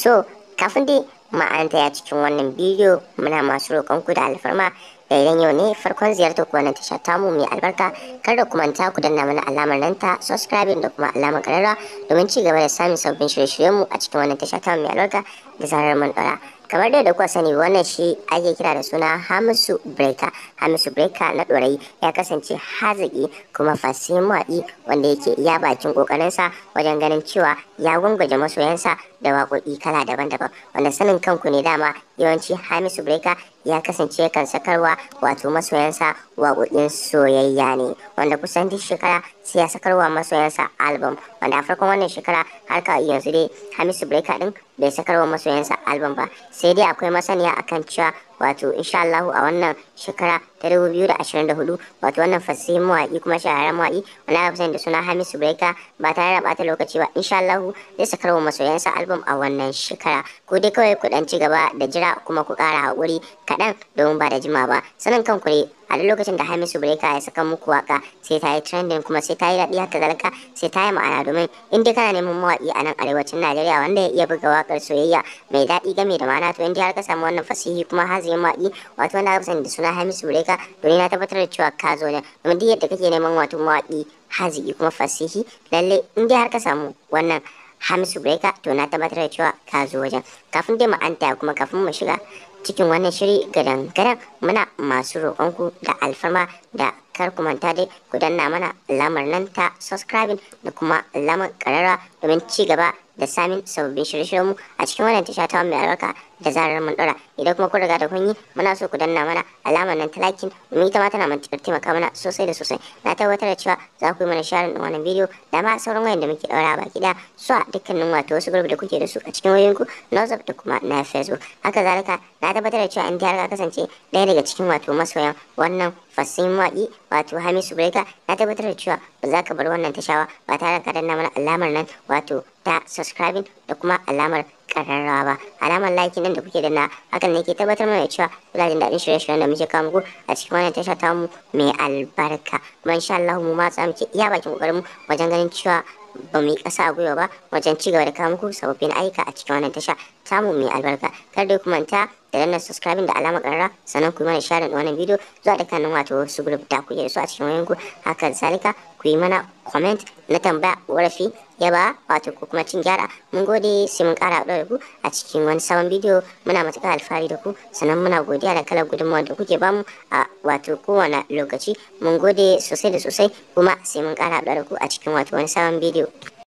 so kafin dai ma'anta ya cikin wannan bidiyo muna masu ku da alfarma da idan yau ne farkon ziyartar ku wannan tasha tamu mai albarka kar da kumanta ku danna mana alamar nan ta subscribe da kuma alamar karara domin ci gaba da samun sabbin shirye shiryen mu a cikin wannan tasha tamu mai albarka da zarar mun ɗora. kamar dai da kuka sani wannan shi ake kira da suna hamisu breka hamisu breka na dorai ya kasance haziki kuma fasihin waɗi wanda yake iya bakin ƙoƙarinsa wajen ganin cewa ya gungaje masoyansa da waƙoƙi kala daban-daban wanda sanin kanku ne dama yawanci hamisu breka ya kasance kan sakarwa wato masoyansa waƙoƙin soyayya ne wanda kusan duk shekara sai ya sakarwa masoyansa album wanda a farkon wannan shekara har ka yanzu dai hamisu breka din bai sakarwa masoyansa album ba sai dai akwai masaniya akan cewa wato insha Allah a wannan shekara ta 2024 wato wannan fasihin mawaƙi kuma shahararren mawaƙi wani aka da suna Hamisu Breaker ba tare da bata lokaci ba insha Allah zai sakar wa masoyansa album a wannan shekara ko dai kawai ku dan ci gaba da jira kuma ku ƙara haƙuri kaɗan domin ba da jima ba sanin kanku ne a duk lokacin da Hamisu Breka ya saka muku waka sai ta yi trending kuma sai ta yi daɗi haka zalika sai ta yi ma'ana domin in dai kana neman mawaƙi a nan arewacin Najeriya wanda ya iya buga wakar soyayya mai daɗi game da ma'ana to in dai har ka samu wannan fasihi kuma hazi matashin wato wanda aka sani da suna Hamisu Bureka to na tabbatar da cewa ka zo ne domin duk yadda kake neman wato mawaƙi haziki kuma fasihi lalle in dai har ka samu wannan Hamisu Bureka to na tabbatar da cewa ka zo wajen kafin dai mu anta kuma kafin mu shiga cikin wannan shiri gadan-gadan muna masu roƙonku da alfarma da kar ku manta dai ku danna mana lamar nan ta subscribing da kuma lamar ƙararra domin ci gaba da samin sababbin shirye-shiryenmu a cikin wannan tasha ta mai albarka da zarar mun dora idan kuma kun riga da kun yi muna so ku danna mana alamar nan ta lakin mu ita ma tana matuƙar taimaka mana sosai da sosai na tabbatar da cewa za ku yi mana share din wannan bidiyo da ma sauran wayan da muke ɗaura baki ɗaya su a dukkanin wato wasu gurbi da kuke da su a cikin wayoyinku na da kuma na Facebook haka zalika na tabbatar da cewa in har ka kasance ɗaya daga cikin wato masoyan wannan fassin waƙi wato Hamisu breaker na tabbatar da cewa ba za ka bar wannan tashawa ba tare da ka danna mana alamar nan wato ta subscribing da kuma alamar kararrawa ba alamar laiki nan da kuke da na hakan ne ke tabbatar mana cewa kuna jin daɗin shirye-shiryen da muke kawo muku a cikin wannan tasha ta mu mai albarka kuma insha Allah mu ma za mu ke iya bakin kokarin mu wajen ganin cewa ba mu yi ƙasa a gwiwa ba wajen ci gaba da kawo muku sababbin ayyuka a cikin wannan tasha mu mai albarka kar da ku manta da danna subscribing da alamar ƙarara sannan ku yi mana sharing wannan bidiyo zuwa dukkanin wato su group da ke da su a cikin wayanku hakan salika ku yi mana comment na tambaya ƙorafi yaba wato ko kuma cin gyara mun gode sai mun kara da ku a cikin wani sabon bidiyo muna matuƙar alfahari da ku sannan muna godiya da kalar gudunmawar da kuke bamu a wato kowane lokaci mun gode sosai da sosai kuma sai mun kara da ku a cikin wato wani sabon bidiyo